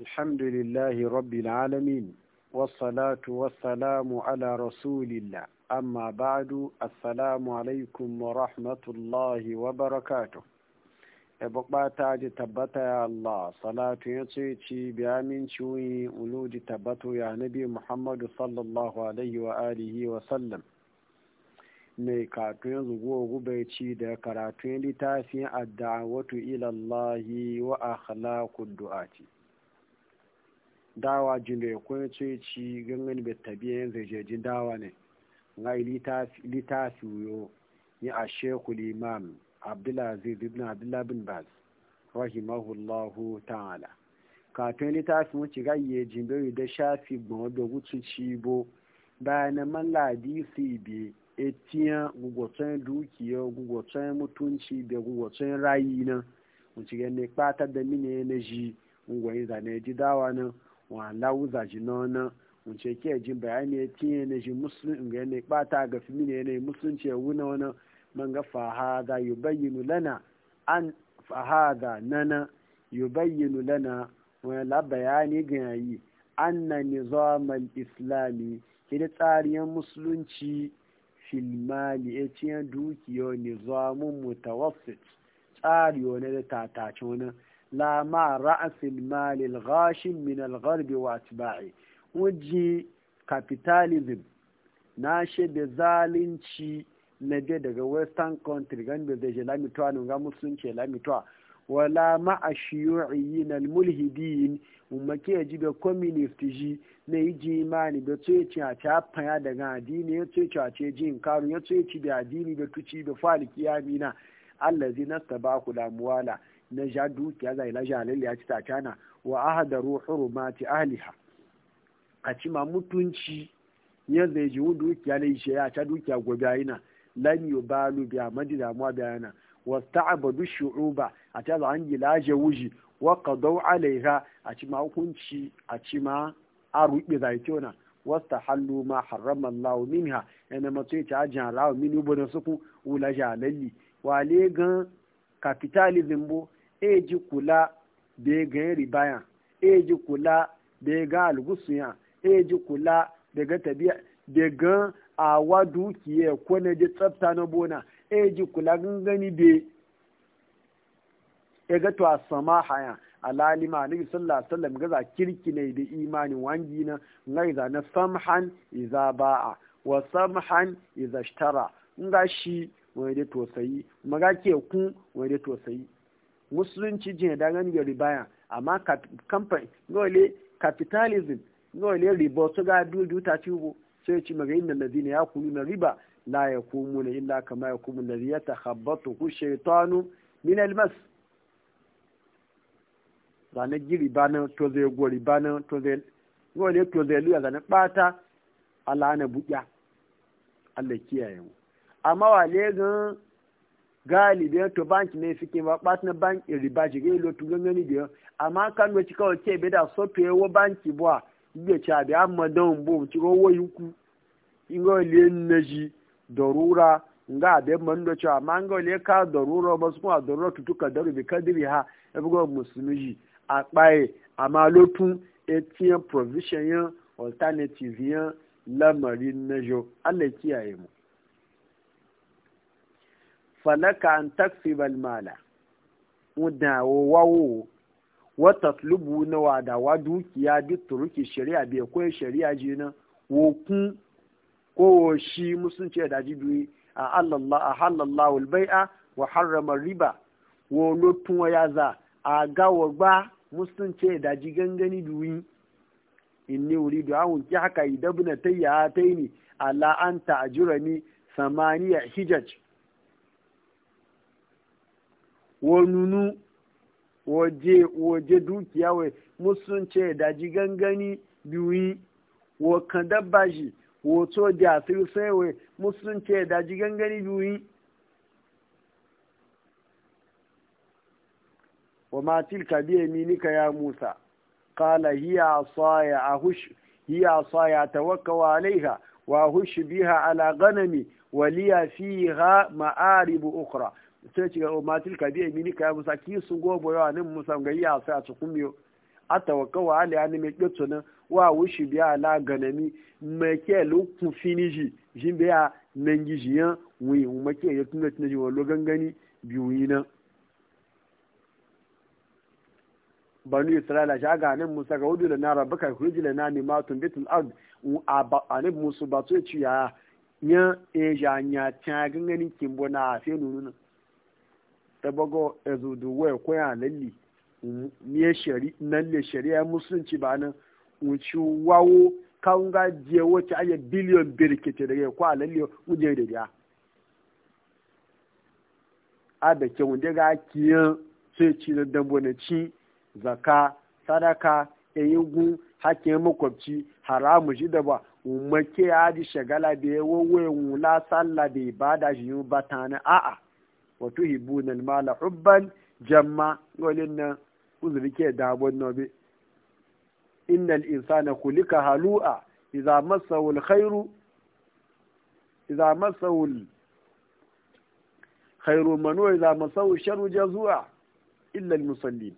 الحمد لله رب العالمين والصلاة والسلام على رسول الله أما بعد السلام عليكم ورحمة الله وبركاته ebokpa ta ji tabbata ya Allah salatu ya ce ci biya min ciwoyi uluji tabbato ya nabi Muhammadu sallallahu alaihi wa sallam mai katun zugo gube da karatun littafin addawatu ilallahi wa akhlaqud du'ati dawa jin da ya kwanye ce ci gangan bai yin zajejin dawa ne nga littafi yo ni a shekul imam abdulaziz ibn abdullah bin baz rahimahullahu ta'ala kafin littafi mu ci gayye jin bai da shafi gbọn da wuce ci bo bayan man ladisi bi etiyan gugwacen dukiya gugwacen mutunci da gugwacen rayi na mu ci gani kpatar da mini na ji ngwayin zane ji dawa nan wa lauza ji nona wuce ke ji bayani ya tiye na ji musulun ga yanayi bata ga fi mini yanayi musulunci ya wuna wani man ga fahada yubayyinu lana an fahada nana yubayyinu lana wani la bayani ga yayi anna nizamal islami kida tsariyar musulunci filmali ya ciye dukiyo nizamun mutawassit tsari wani da tatacin wani lama ma ra'asil malil ghashin min al-gharbi wa atba'i wuji capitalism na da zalunci na dai daga western country gan da zai lamituwa nunga musulunci lamituwa wala ma'a shiyu'iyyin al-mulhidin umake ya ji da communist ji na yi ji da tsoye ci a daga addini ya tsoye ci a ce jin karu ya tsoye da addini da tuci da faliki ya mina allazi nasta ba ku lamuwala na ja dukiya zai la ja lalle ya ci tacana wa ahdaru hurumati ahliha a ci ma mutunci ya zai ji dukiya na ishe ya ta dukiya gobe yana lan yubalu bi madi damuwa bayana wa ta'abadu shu'uba a ta zan yi laje wuji wa dau alaiha a ci ma hukunci a ci ma a rubi zai tona ta hallu ma harrama Allah ha yana mace ta ajin Allah min ubo na suku wula jalalli wale gan kapitalizm bo eji kula da ga ribaya eji kula da ga algusuya eji kula da ga tabiya gan awa dukiya ko na ji tsafta na bona eji kula gangani da ya ga to a sama haya alalima nabi sallallahu alaihi wasallam gaza kirki ne da imani wangi na ngai za na samhan iza ba'a wa samhan iza ishtara ngashi shi wani da tosayi magake ku wani da tosayi musulunci jin da gani ga ribaya amma kamfani gole capitalism gole riba su ga dudu ta ci hu sai ci maga inda ladina ya kulu na riba la ya kumu na illa kama ya kumu na riya ta habbatu ku shaitanu min almas zane ji riba nan to zai go riba nan to zai gole to zai luya zane bata ala na buya Allah kiyaye mu amma wale gan galibi to banki ne suke ba partner bank riba shi ga ilo tugan biyo amma kan wace kawai ce be da soto yawo banki bua iya ci a amma don bo ci ga wo yuku ingo le naji darura nga abe man do cha amma nga le ka darura ba su kuma darura ka daru bi kadiri ha e bugo musulmi a paye amma lotun etiyan provision yan alternative yan Allah kiyaye mu falaka an takfi mala mudawo wawo wata tulubu na wadawa dukiya duk turuki shari'a bai koyi shari'a ji na wokun ko shi musulunci da jibi a allah a halallah wa harrama riba wo lotun waya za a gawa ba musulunci da ji gangani duwi wuri da awon ki haka idabna tayya ta yi ne ala'anta a jirani samaniya hijaj wo nunu waje waje dukiya wai ce daji gangani biyu wo kan dabba shi wo to da sai sai wai musulunce daji gangani biyu wa ma tilka bi yaminika ya Musa qala hiya asaya ahush hiya asaya tawakkal alaiha wa ahush biha ala ganami waliya fiha ma'arib ukhra sai ci ga oh, matil ka bi mini ka musa ki sun go yawa anin musa ga ya sai a cikin miyo a tawakka wa ali yani mai kitso nan wa wushi biya ala ganami me ke lokun finiji jin biya nan gijiyan wi mu ke ya tunga tunaji wa lo gangani biyu yi na banu isra'ila ja ga anin musa ga wudu da na rabaka hurji da na tun bitul ard a musu ba to ya e ya nya ta gangani kimbo na fe nunu na. tabago ezudu waya koya lalli ne shari nalle shari'a musulunci ba nan wuci wawo kan ga je wace aje biliyon birkete daga ko lalle wuje da ya a da ke wunde ga kiyan sai ci na dambonci zaka sadaka eyigun hakin makwabci haramu shi da ba umake ya di shagala da ya wawo wula sallah da ibada shi yi batana a'a wato tuhibbuna mala hubban jamma golin nan uzuri ke dabon nobe innal insana kulika halu'a idza massahu al-khairu idza massahu al-khairu manu idza massahu sharru jazua illa al-musallin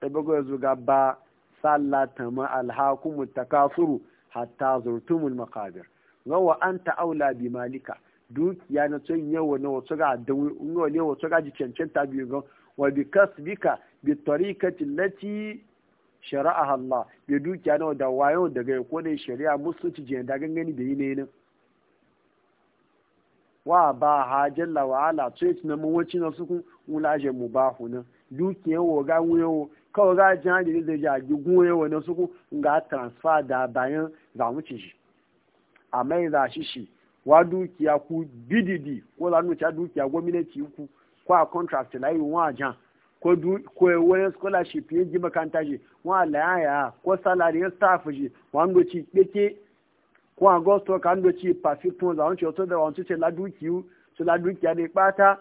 tabago gaba sallata ma al-hakumu takafuru hatta zurtumul maqabir wa anta aula bi malika dukiya na tsoyin yawa na wasu ga adawi ungo ne wasu ga ji cancanta biyu ga wa bi kasbika bi shari'a Allah bi dukiya na da wayo daga ko ne shari'a musulunci je da gangani da yine ne wa ba ha jalla wa ala tsoyi na mun na suku ulaje mubahu na dukiya ga wuyo kawai ga da na ga transfer da bayan shi amma za shi wa dukiya ku bididi ko za nuce dukiya gwamnati ku ko a contract layi wa jan ko wani scholarship ya ji makanta ji wa layaya ko salary ya staff ji wa nuce ɗake ko ci ka nuce perfect one zawon cewa da wancu ce ladukiyu su ladukiya ne ɓata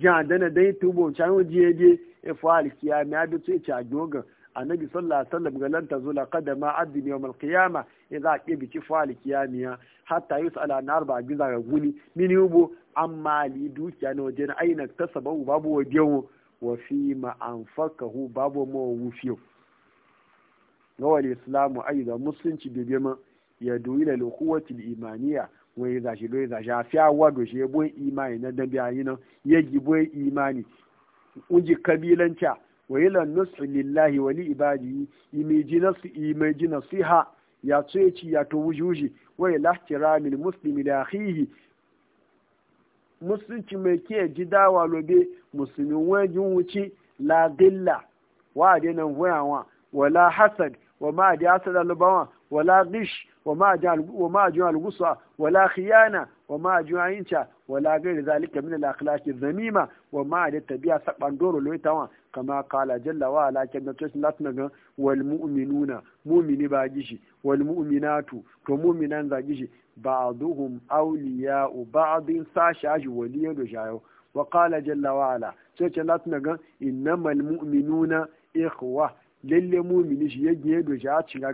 jan dana dai tubo can yi jiye je efuwa alikiya mai abitu ya ce a dogon annabi sallallahu alaihi wasallam ga lan tazula qadama abdin yawm alqiyama idza qibi kifali kiyamiya hatta yusala an arba giza ga guni mini ubo amma li dukiya na wajen aina tasabahu babu wajen wa fi ma anfakahu babu ma wufiyo gawal islamu da musulunci bibe ma ya duyi da lokuwatin imaniya wani zashi lo zashi a fiya wado shi ya boye imani na dabi a yi nan ya gibo imani uji kabilanca wa ila nusri lillahi wa li ibadihi imeji nasu imeji nasiha ya tsoyeci ya to wujuji wa ila ihtiramil muslimi da akhihi musulunci mai ke ji dawa lobe musulmi wajen wuce la dilla wa adenan voyawa wala hasad wa ma adi hasad alubawa wala Dish wa ma ajiyar algusa wala khiyana wa ma ajiyar yinca wala gairi zalika min al-akhlaqi zamima wa ma ta biya saban doro loitawa kama kala jalla wa ala kin da tsin latin ga wal mu'minuna mu'mini ba gishi wal to mu'minan za gishi ba'duhum awliya'u ba'din sashaji waliyo do jayo wa kala jalla wa ala sai ce latin ga innamal mu'minuna ikhwa lalle mu'mini shi yage do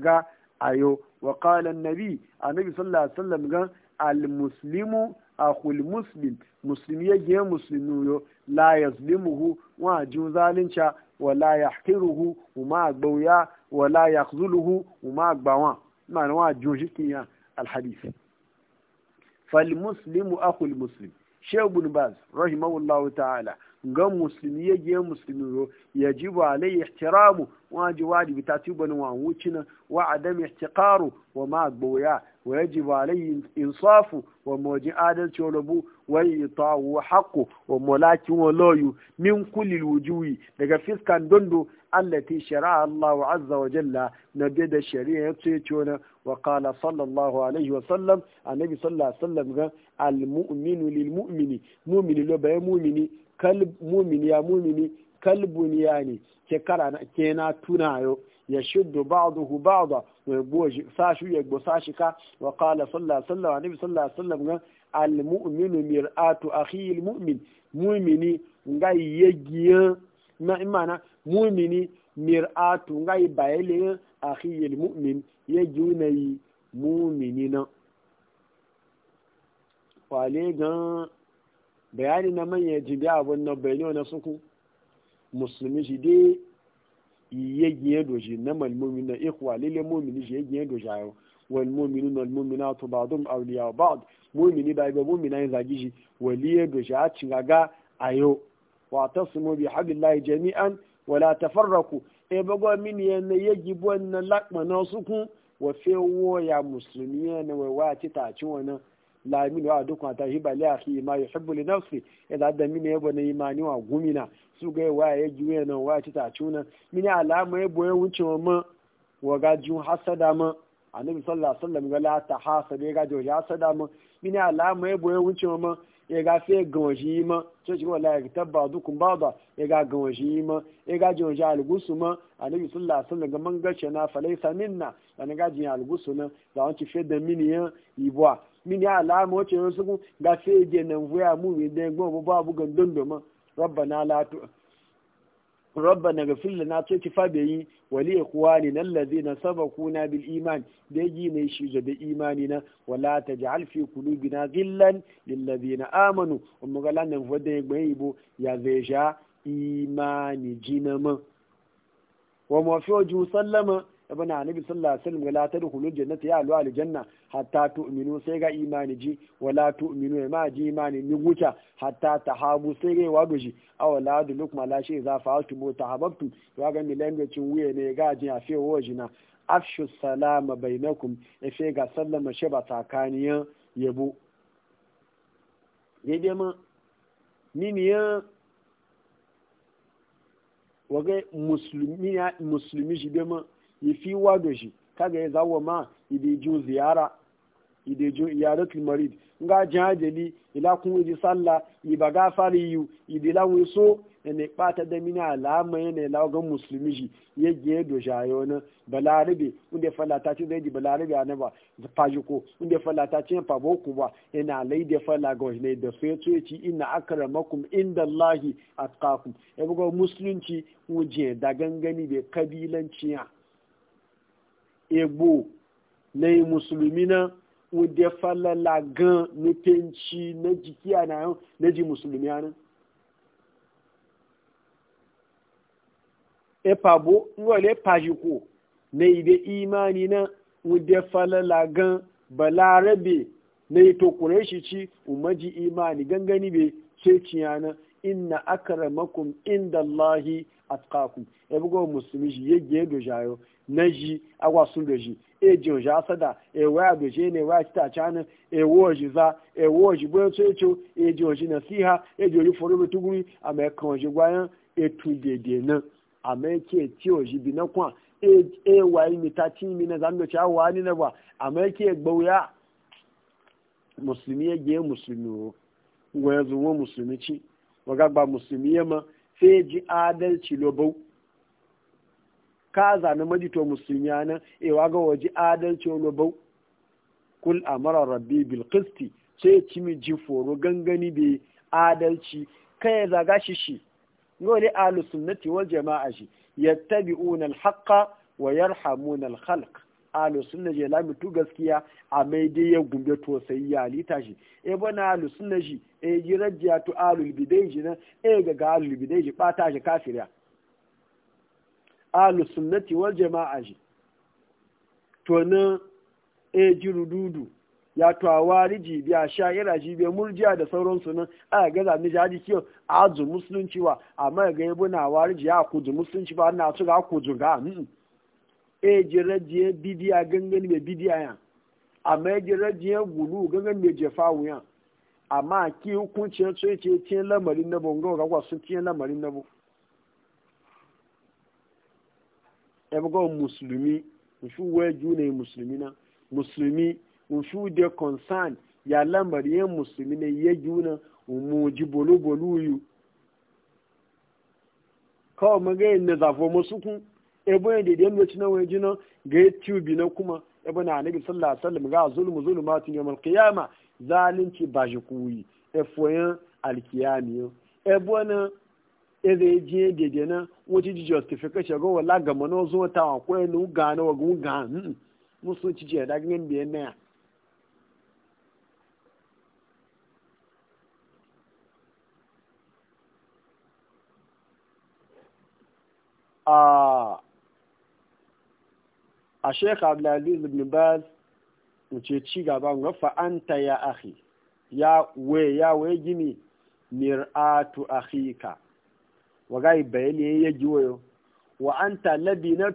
ga ayo wa kala annabi annabi sallallahu alaihi wasallam al muslimu Akwai muslim muslim ya ge muslimi yo la yazlimuhu wa ju zalinca wa la yahqiruhu ma gbauya wa la yakhzuluhu ma gbawa ma'ana wa ju shikiya al fal muslimu akwai muslim shaykh ibn baz rahimahullahu ta'ala ga musulmi ya ge musulmi ro ya ji ba alai ihtiramu wa ji wajibi ta ci bani wa wucina wa adam ihtiqaru wa ma gboya wa ba alai insafu wa moji adalci rubu wa yi wa haqqu wa mulaki wa loyu min kulli wujuhi daga fiskan dondo allati shari'a Allahu azza wa jalla na da shari'a ya ce ce wa qala sallallahu alaihi wa sallam annabi sallallahu alaihi wa sallam ga al mu'minu lil mu'mini mu'mini lo bayan mu'mini kal ya mumini kalbun ya ne ke kara na ke na tunayo ya shuddu ba'dahu ba'da wa yabo sashi ya gbo sashi ka wa qala sallallahu alaihi wasallam annabi sallallahu alaihi wasallam ga al mu'minu mir'atu akhi al mu'min mu'mini ngai yegiya na imana mu'mini mir'atu ngai bayele akhi al mu'min yejunai mu'minina wale gan bayani na manya jibi abun nan bai na suku musulmi shi dai iye giye doji na malmomi na ikwa lile momini shi giye doji ayo wal mominu na momina to ba dum awliya ba momini ba ga momina yin zagi shi waliye doji a ga ayo wa tasimu bi habillahi jami'an wala tafarraku e bago min yana yegi bon na lakma na suku wa fe wo ya musulmi yana wa wa ci ta ci wani. la wa a duk wata shi bali a fi ma ya sabbu li nafsi ila e da mini yabo na imani wa gumina su ga wa ya ji wa nan wa ci ta tuna mini alama ya boye wuce wa ma wa ga ji hasada ma annabi sallallahu alaihi wasallam ga la ta hasada ga ji hasada ma mini alama ya boye wuce wa ma ya e ga fe gawashi yi ma wala ya tabba dukun baba da ya e ga gawashi yi ma ya e ga jiwashi algusu ma a nabi sallah sun daga man gace na falai saminna da na gajin algusu na da wanci fe da mini yan ibuwa mini alama wacce yansu ga fe je nan vuya mu ne da gbogbo babu gandun ma rabbana la tu'a rabbana ghfir lana tuti fabi wali ikhwanina alladhina kuna bil iman da yi ne shi da imani na wala taj'al fi qulubina ghillan lil ladina amanu umma galan wadda gbayi bo ya zeja imani jinama wa mafi wajen sallama ibn anabi sallallahu alaihi wasallam la tadkhulul jannata ya alu al janna hatta tu'minu sai ga imani ji wala tu'minu ma ji imani ni guta hatta tahabu sai ga wado ji aw la du lukma la shi za fa'altu mu tahabbtu wa ga mi language wuye ne ga ji afi woji na afshu salama bainakum ife ga sallama shi ba takaniyan yabo dai ma miniyan waga musulmi muslimi shi dai ma yafi wado shi kaga ya zawo ma idiju ziyara idiju iyaratul marid nga jajeli ila kun ji salla iba gafari yu idila wi so ne pata da mina alama ne la ga muslimi ji ye ge do jayo na unde falata ci zai di anaba fajiko unde falata ci pa boku ba ina laide fala go ne da fetu ci inna akramakum indallahi atqakum e bugo musulunci wuje da gangani be kabilanciya egbo na yi musulmi na wadda falala gan nufinci na jiki a yau na ji musulmi anan epabo nwale pajiko na ibe imani na wadda falala gan balarabe na yi tokunan shi ci umaji imani gangani bai sai ciyana inna akramakum inda Allahi atqakum e musulmi shi yegge dojayo na ji agwa sun da ji e ji oji asada e waya da ji e ne waya ta canin e wo oji za e wo oji bo so echo e ji oji na siha e ji oji foro betu guri ama e kan oji gwayan e tu dede na ama e ti oji bi na kwa e, e wa mi ta ti mi na zan do cha ni na ba ama e ke ya musulmi e je musulmi o wa zo wo musulmi ci wa ga ba musulmi ma sai ji adalci lobau ka zane majito musulmi na ewa ga waje adalci wani bau kul amara rabbi bil sai sai ci miji foro gangani be adalci kai zaga shi shi ngole ahlus sunnati wal jama'a shi yattabi'una al haqqa wa yarhamuna al khalq ahlus sunna je la mutu gaskiya a mai dai ya gumbe to sai ya lita shi e bana ahlus sunna shi e jirajja to ahlul bidai ji na e ga ahlul bidai ji bata shi kafiriya ahlus sunnati wal jama'a ji to na e dudu ya to awariji bi a sha'ira ji bi murjiya da sauransu nan a ga zami jadi kiyo azu musulunci wa amma ga yabo na awariji ya kudu musulunci ba na su ga kudu ga e jirajiye bidiya gangan mai bidiya ya amma ya jirajiye gulu gangan mai jefawu ya amma ki hukuncin tsoye ce tiyan lamarin na bongo ga kwasu tiyan lamarin na bongo ebugo musulmi nfu weju ne musulmi na musulmi nfu de concern ya lambar ye musulmi ne ye juna umuji bolu bolu yu kawo maga ne zafo musukun ebo yadda da yamma cinan wani jina ga ya tubi na kuma ebo na anabi sallallahu alaihi wasallam ga zulmu zulmatin yawmal qiyama zalunci ba shi kuyi efoyan alkiyami ebo na eze jiye dede na wajen ji justification ga wala gama na zo ta wa ko nu ga na wa gun ga musu ci je da gin ya a a Sheikh Abdulaziz ibn Baz wuce ci gaba ga fa ta ya akhi ya we ya we gimi mir'atu akhika Wa gai bayani ya ji wayo wa anta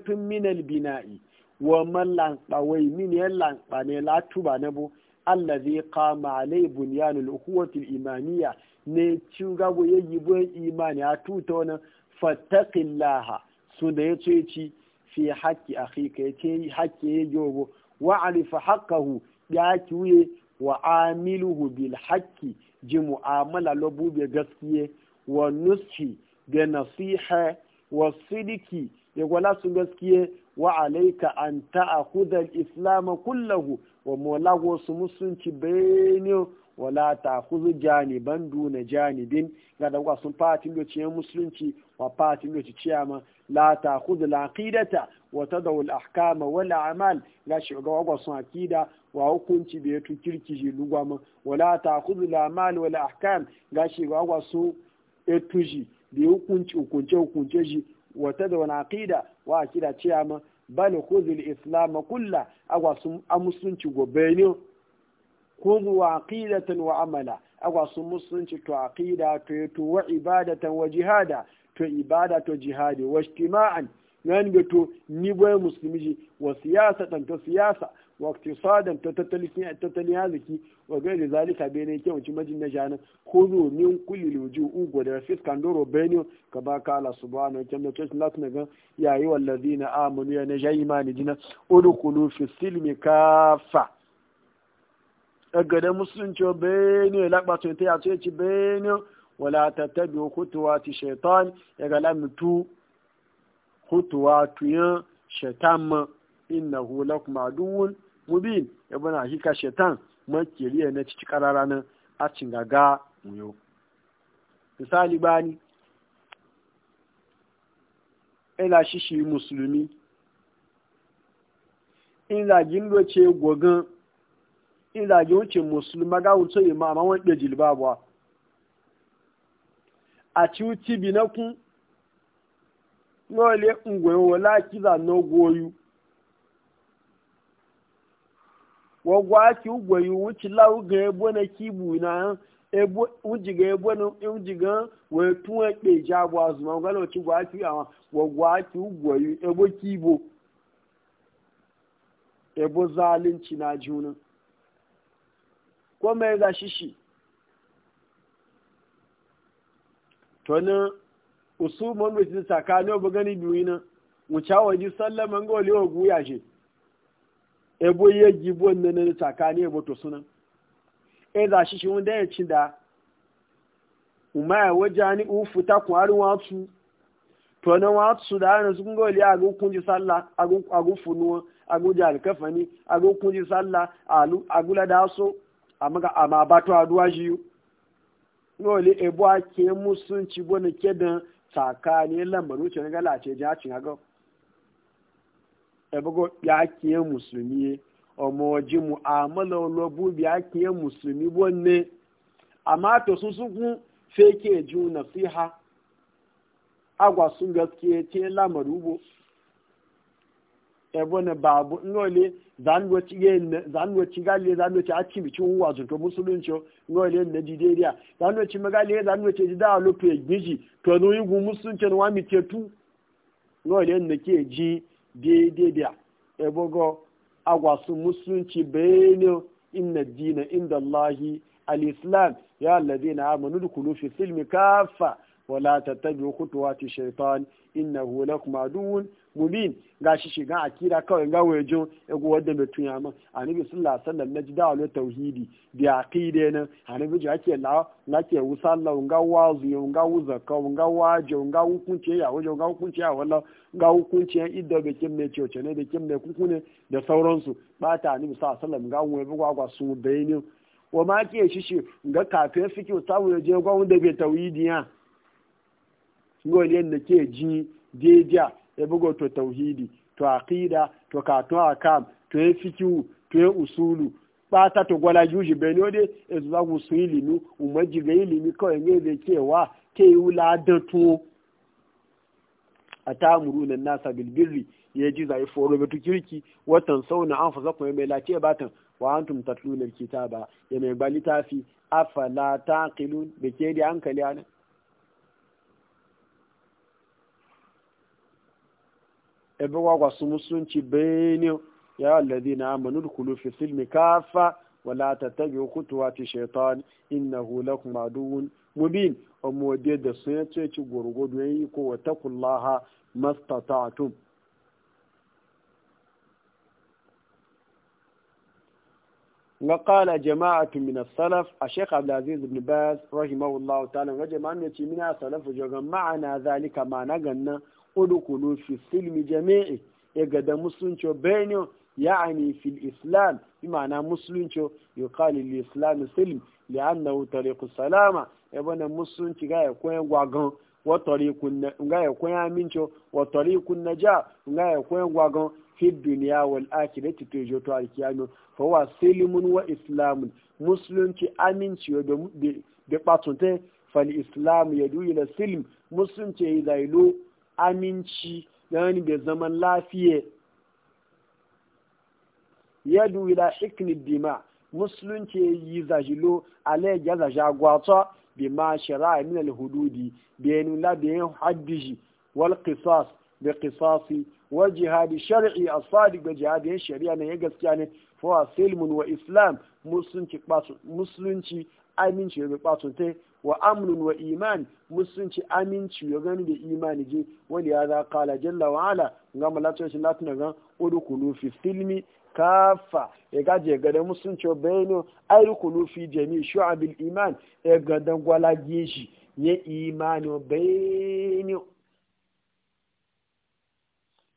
tun min albina'i wa man wai min ya ne la tuba na bu allazi qama alai bunyanul ukhuwati al-imaniyya ne cuga go yaji bo imani a tuta wannan fattaqillaha su da ya ce ci fi haƙƙi akhika yake haƙƙi ya jogo wa arifa haqqahu ya wuye? wa amiluhu bil haqqi ji mu'amala lobu bi gaskiye wa nuski da nasiha wa sidiki ya gwala su gaskiye wa alaika an al-islam kullahu wa mulago su musulunci bayani wala ta'khudhu janiban duna janibin ga da kwa sun fatin do ciyan musulunci wa fatin do ciyama la ta'khudhu al-aqidata wa da al-ahkama wal a'mal ga shi ga kwa sun akida wa hukunci da yato kirki ji lugwama wala ta'khudhu al-a'mal wal ahkam ga shi ga kwa sun etuji da hukunci hukunce hukunce shi wata da wani aqida wa aqida ce ma bal khudhul islam kulla agwa sun amusunci gobe ne khudhu wa aqidatan wa amala agwa sun musunci to aqida to to wa ibadatan wa jihada to ibada to jihadi wa ijtima'an nan ga to ni boye musulmi wa siyasatan to siyasa wakti sadan ta tattalin arziki wa gairi zalika bai ne kyau cin majin na janin ko zo min kulli luji ugo da fiskan doro benio ka ba ka subhanahu wa ta'ala cikin latin ga yayi wallazina amanu ya na jayi imani dina udkhulu fi silmi kafa agada e musulunci benio e labato ta ya ce ci benio wala tattabi'u khutuwati shaitan e ya ga lamtu khutuwatu shaytan innahu lakum aduwwun mubin ya bana shetan shaitan makeriya na cici karara nan a cingaga muyo misali bani ila shishi musulmi in zagin doce gogan in zagin wuce musulma ga wuce imama wani ɗe jilbabuwa a ci wuce binakun nole ngwe wala kiza no goyu wagwa ki ugbo yi wuci lau na kiibo na ebo wuji na wuji ga we tun e pe ja bo azuma ga lo ti gwa ki yi ebo kibo na e juna e e ko ga shishi to na biyu na ji sallama ga shi ebo ya gibo na na tsakani ebo to suna. e da shi shi wanda ya cin da umaya wajani u futa ku har watsu to na tu da ana sun goli a go kunji sallah a go a go funuwa a go jali kafani a go kunji sallah a lu a gula da so amma a amma ba to aduwa shi goli ebo ake musun ci bona kedan tsakani lamarin wuce na galace jacin agaw ebogo ya kiye musulmi ọmọ ọjí mu àmọ́lẹ̀ olóbú bí a kiye musulmi wọ́nne amma to sun sukun feke ju nasiha agwa sun gaskiye ce lamaru bo ebo na babu ngole zanwo cige zanwo cigale zanwo ci aci bi cin wa zunto musulunci ngole na jideriya zanwo ci magale zanwo ci jida lope gbiji to no yugu musulunci no wa mi tetu ngole na ke ji daidai da ebogo agwasu musulunci bayani inna dina inda Allahi al-islam ya allazi na amanu dukulu fi silmi kafa wala tattabi khutuwati shaitan innahu lakum aduwwun mubin ga shishi shiga akira kawai ga wajen ego wadda mai tuya ma annabi sallallahu alaihi wasallam naji da wala tauhidi bi aqide nan annabi ji ake la lake wusalla nga wazu yo nga wuzaka nga wajo nga hukunci ya wajo nga hukunci ya wala nga hukunce ya idda be kim ne cece ne da kim ne kukune da sauransu bata annabi sallallahu alaihi wasallam ga wani bugwa gwa su bayani wa ma ke shi shi ga kafe fiki tawo je gwa wanda be tauhidiya ngole ne ke ji deja ya bugo to tauhidi to aqida to to akam to ya fikiu to ya usulu bata to gwala juji bai ne dai ya zuwa gusu ilimi umarji ga ilimi kawai ne zai cewa ke yi wula da to a tamuru na nasa bilbirri ya ji zai foro batu kirki watan sauna an fasa kuma mai lace batan wa antum tatluna kitaba ya mai bali tafi afala taqilun da ke da hankali anan ebe gwagwa su musulunci bayani ya wallazi na amanu kulu fi silmi kafa wala ta tabi hukutu wati shaitan inna hula kuma duhun mubin omu da sun ya ce ci gwargwado ya yi kowa ta kullaha mastatatun ga jama'a jama'atu min salaf a shekha abdulaziz ibn baz rahimahullahu ta'ala ga jama'a ya ce mina salafu jogon ma'ana zalika ma na ganna udkhulu fi silmi jami'i ya gada musulunci bayani ya'ani fil islam imana musulunci yuqalu lil islam silm li'annahu tariqu salama ibana musulunci ga ya koyan gwagan wa tariqun ga ya koyan aminci wa tariqun naja ga ya koyan gwagan fi duniya wal akhirati to jo to alkiyano fa wa silmun wa islamun musulunci aminci da da patunte fal islam ya yadu ila silm musulunci da ilo aminci yani da zaman lafiya yadu ila hikni dima musulunci yi zajilo alayhi ya zajagwata bi ma shira a al-hududi nuna da yin haddiji wal qisas da kisasi wal jihadi shar'i a ga jihadi jihad shari'a ne ya gaskiya ne fa silmun wa islam musulunci aminci yoga gaba sosai wa amnun wa iman musulunci aminci ya gani da imani je wani ya za kala jalla wa ala ga malatun shi latin e ga udkhulu fi kafa ya gaje gada musulunci bayano ayrukulu fi jami shu'abil iman ya e gadan gwala geji ya imani bayano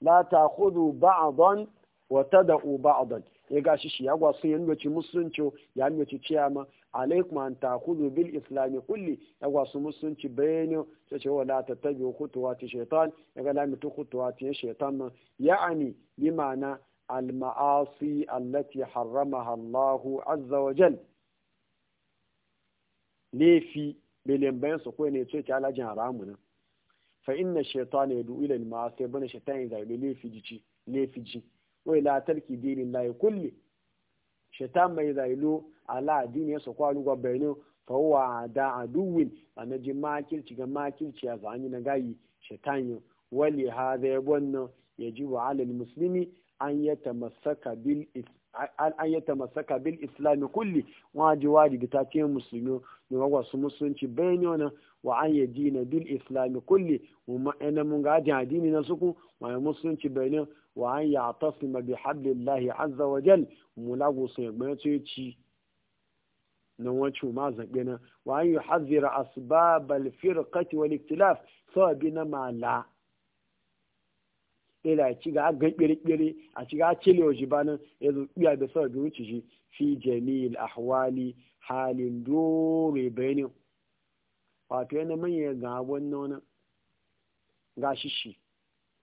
la ta'khudhu ba'dan wa tad'u ba'dan ya gashi shi ya gwasu ya nwaci musulunci ya nwaci ciyama alaikum an takudu bil islami kulli ya gwasu musulunci bayani sai ce wala ta tabi hutuwa ta shaitan ya ga lamitu hutuwa ta shaitan nan ya'ani bi ma'ana al-ma'asi allati harrama Allahu azza wa jal lefi belen su koyi ne ce ce alajin haramu nan fa inna shaitan ya du'ila al-ma'asi bane shaitan ya zabi lefi ji lefi ji wai la tarki dinin layi kulli shaitan mai zailo ala addini ya sakwa lugwa bayanin fawa da aduwin a na ji makirci ga makirci a zanyi na gayi shaitan yi wali ha zai wannan ya ji wa alal musulmi an yata masaka bil islami kulli waji wajibi ta ce musulmi da wagwa su musulunci bayani wani wa an yi dina bil islami kulli mu ma'ana mun ga addini na suku wa musulunci bayani wa an ya tasima bi hablillahi azza wa jal mulagu sai mace na wancin ma zaɓe na wa an yi hazira asbabal firqati wal iktilaf sababi na mala ila ci ga gan kirkire a ci ga cile wa ji banan ya zo biya da sababi wuce shi fi jami'il ahwali halin dore bayanin wato yana manya ga wannan ga shi shi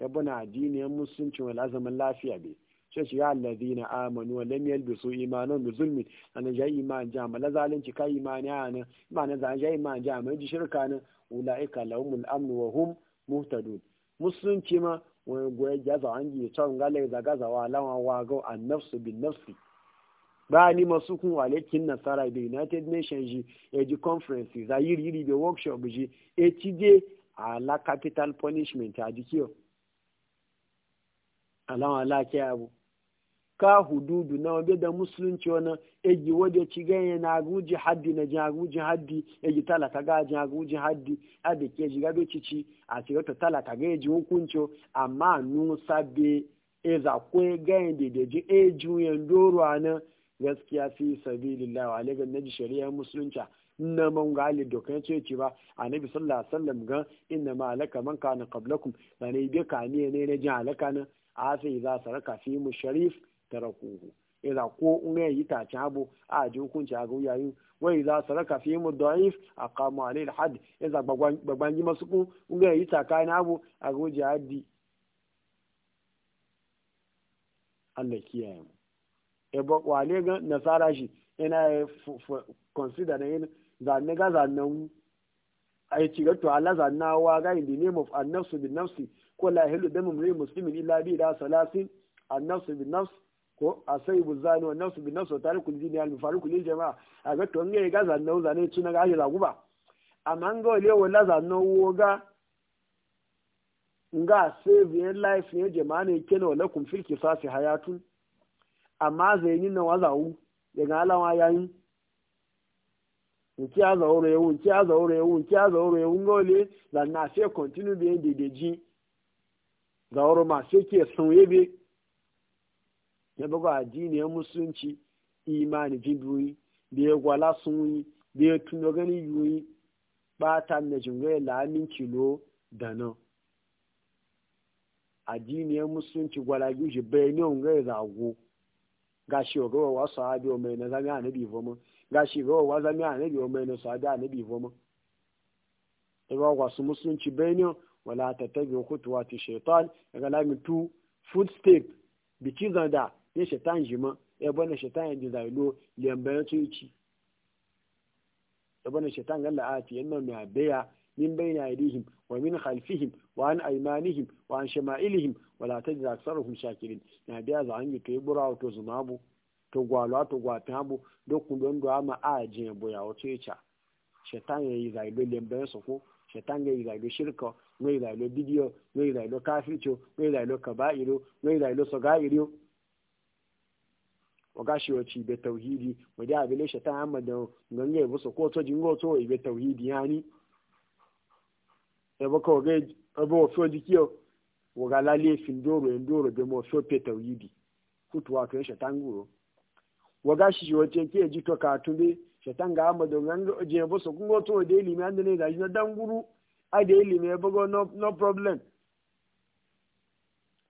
ya bana addinin musulunci wala zaman lafiya bai sai shi ya allazi na amanu wa lam yalbisu imanan bi zulmin an ja iman ja mala zalunci kai imani ana ba na zan ja iman ja mai ji shirka nan ulaika lahumul amn wa hum muhtadun musulunci ma wani goye jaza an ji tsaron galai zaga an nafsu bin nafsi ba ni masu kun walekin nasara da united nations ji ya ji conferences a yiri yiri da workshop ji a e ci je a la capital punishment a jikiyo alama lafiya abu ka hududu na wabe da musulunci wani egi waje ci ganye na guji haddi na jaguji haddi egi talaka ga jaguji haddi a da ke jiga be cici a ciga to talaka ga eji hukunci amma nu be e za kwe ganye da da ji eji juyen doro anan gaskiya fi sabilillah wa alaikar na ji shari'ar musulunci na man gali dokan ce ce ba annabi sallallahu alaihi wasallam ga inna ma alaka man kana qablakum ba ne ka ne ne na jin alaka nan sai za su raka fi mu sharif rakuhu ina ko in ya yi tace abu a ji hukunci a gauya yi wai za su raka fi mu da'if a kama alai da hadi idza gbagban yi masu kun in ya yi ta na abu a gauji haddi Allah kiyaye mu ebe wale ga nasara shi ina consider na yin zanne ga zanne ai ci ga to Allah zanna wa ga in the name of an bin nafsi ko la damu muri muslimin illa bi da salasin annas bin nafs ko bu zani wa nafsu bin nafsu tarikul jini al mufariku lil jamaa aga to ngai ga zanno zane tuna ga hila guba amma ngo le la zanno ga nga save your life ne jamaa ne kene wala kun fil kisasi hayatun amma zai yin na wazawu ga alawa yayin nki azawo rewu zaure azawo rewu nki azawo rewu ngo le na se continue being dedeji ga wuri masu ke sauye be ya buga ya musulunci imani jibiyoyi da ya gwala sun yi da ya tuno gani yoyi bata na jingoyi lamin kilo da nan ya musulunci gwala yuji ne gai zago ga shi gawa wa sahabi wa mai na zami anabi voma ga shi gawa wa zami anabi wa mai na sahabi anabi voma ga su musulunci bayaniyon wala tattabi khutuwati shaitan daga lami tu footstep biki zanda ne shaitan jima ya bane shaitan ya dizailo ya tsoci ya bane shaitan ga la'ati yanna mai abeya min bayna aydihim wa min khalfihim wa an aymanihim wa an shama'ilihim wala tajid aktsaruhum shakirin na biya za ta yi to ibura e to zumabu to gwalwa to gwatabu dokun don do ama aje boya wato yacha shaitan yayi zailo lambayan soko shaitan ya yi railo shirka ya yi bidiyo ya yi railo kafirco ya kaba'iro ya yi railo wa gashi wa cibe tauhidi da abin shaitan amma da ko to to ibe tauhidi yani abu wa wa ga fin doro doro pe tauhidi kutuwa kan shaitan guro wa gashi wa ji to ka shetan ga amadu ngan je bo so kungo to de ilimi ande ne gaji na danguru ade ilimi e bogo no no problem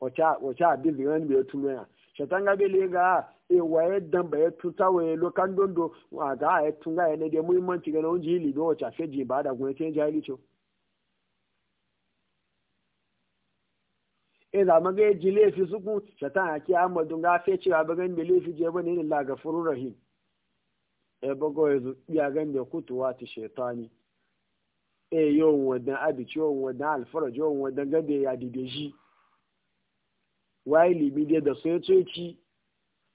ocha ocha bi bi ngan ya shetan ga bele ga e wa e dan ba e tuta we lo kan dondo wa ga e tunga e ne de mu man ti ga no ji ocha ba da gun e ja ili cho e da maga e ji shetan ya ki ga fe ci ba ga je la ebogo yanzu iyagan da kutuwa ta shaitani e yawan wadan abici yawan wadan alfaraj yawan wadan gade ya dideji waye libi dai da soyoci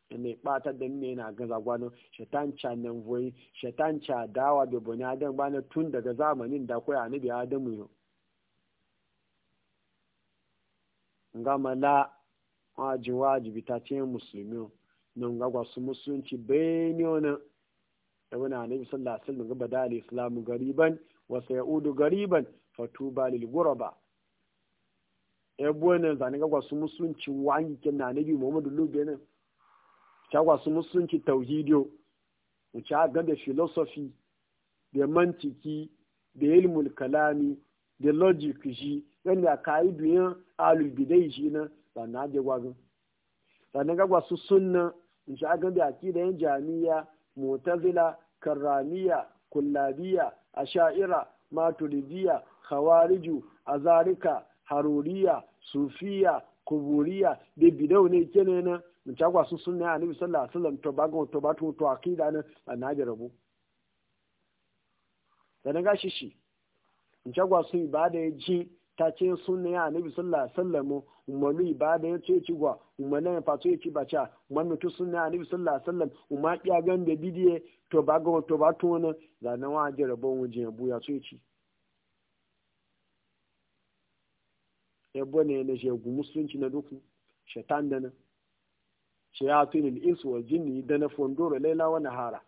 e, mai batar da ne na gaza gwano shatanca nan voyi shatanca dawa da bani adam bana tun daga zamanin da ya annabi adamu yau ngama la wajibi ta musulmi nan gagwa musulunci bayani da wani annabi sallallahu alaihi wasallam ga bada islamu gariban wa sayudu gariban fatuba lil ghuraba e buwana zane ga kwasu musulunci wangi ken na annabi muhammadu lube ne cha kwasu musulunci tauhidiyo mu cha ga da philosophy da mantiki da ilmul kalami da logic ji yanda kai biyan alul bidai ji na sannan ga kwasu sunna mu cha ga da akida yan jami'a mutazila karramiya kullabiya asha'ira maturidiya khawariju azarika haruriya sufiya kuburiya da bidau ne kene na mutagwa sun sunna annabi sallallahu alaihi wasallam to bagon to ba to akida na annabi rabu da na gashi shi mutagwa sun ibada ya ji ta ce sunna ya nabi sallallahu alaihi wasallam umaru ibada ya ce cigwa umaru ya fato ya ci bacha umaru to sunna ya nabi sallallahu alaihi wasallam umma kiya gan da bidiye to ba ga to ba to ne da na wa ji rabon wuje ya buya so ya ci ya bone ne je gu musulunci na duku shaitan da ya tuni al insu wal jinni da na fondoro laila wa nahara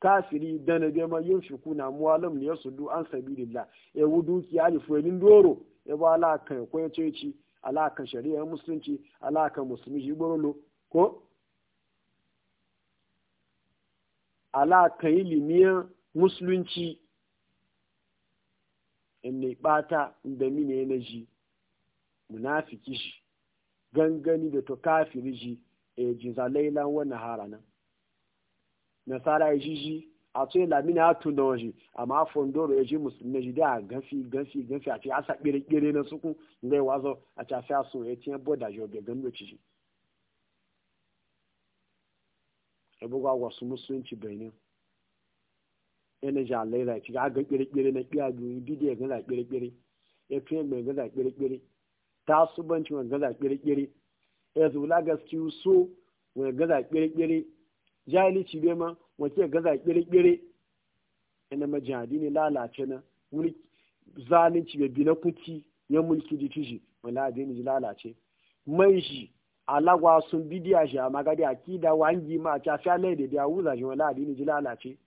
kafiri da na bema yin shukuna muwalam ne du an sabilillah e wudu ki alifu doro ya ba alakan kwaitoci alaka shari'ar musulunci alaka musulmi shi ko alaka ilimiyar musulunci ne bata da mini na munafiki shi gangani da to kafiri e ji e jizalailan wani haranan nasara ya ji a tsaye lamina ya tun da waje amma fondoro ya ji musulmi ji da gafi gafi gafi a ce asa kere-kere na suku zai wazo a ce a so ya tiyan boda jo bai gano ci shi ya buga wasu musulunci benin yana ji alaira ci ga ga kere-kere na kiya biyu bidi ya gaza kere-kere ya fiye mai gaza kere-kere ta banci mai gaza kere-kere ya zula gaskiyu so mai gaza kere-kere jahilici bai ma wace gaza kire-kire ina majadi ne lalace na zalunci bai bi na kuki ya mulki ji tiji wala adini ji lalace Mai shi alagwa sun bidiya shi a magadi a kida wangi ma a tafiya lai da biya wuza shi wala adini ji lalace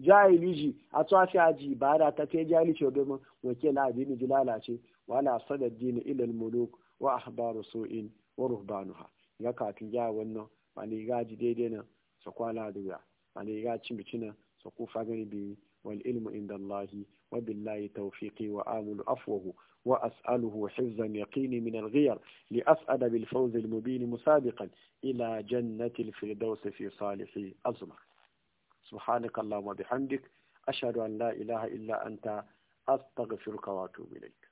jahili ji a ji ba da ta ta jahili ce domin wake la adini ji lalace wala sadar dini ilil muluk wa ahbaru su'in wa ruhbanuha ya kafin ya wannan wani gaji daidai nan sakwala da علي غاتشي بيتنا سقوف والعلم عند الله وبالله توفيقي وآمل أفوه وأسأله حفظا يقيني من الغير لأسعد بالفوز المبين مسابقا إلى جنة الفردوس في صالح أزمك سبحانك اللهم وبحمدك أشهد أن لا إله إلا أنت أستغفرك وأتوب إليك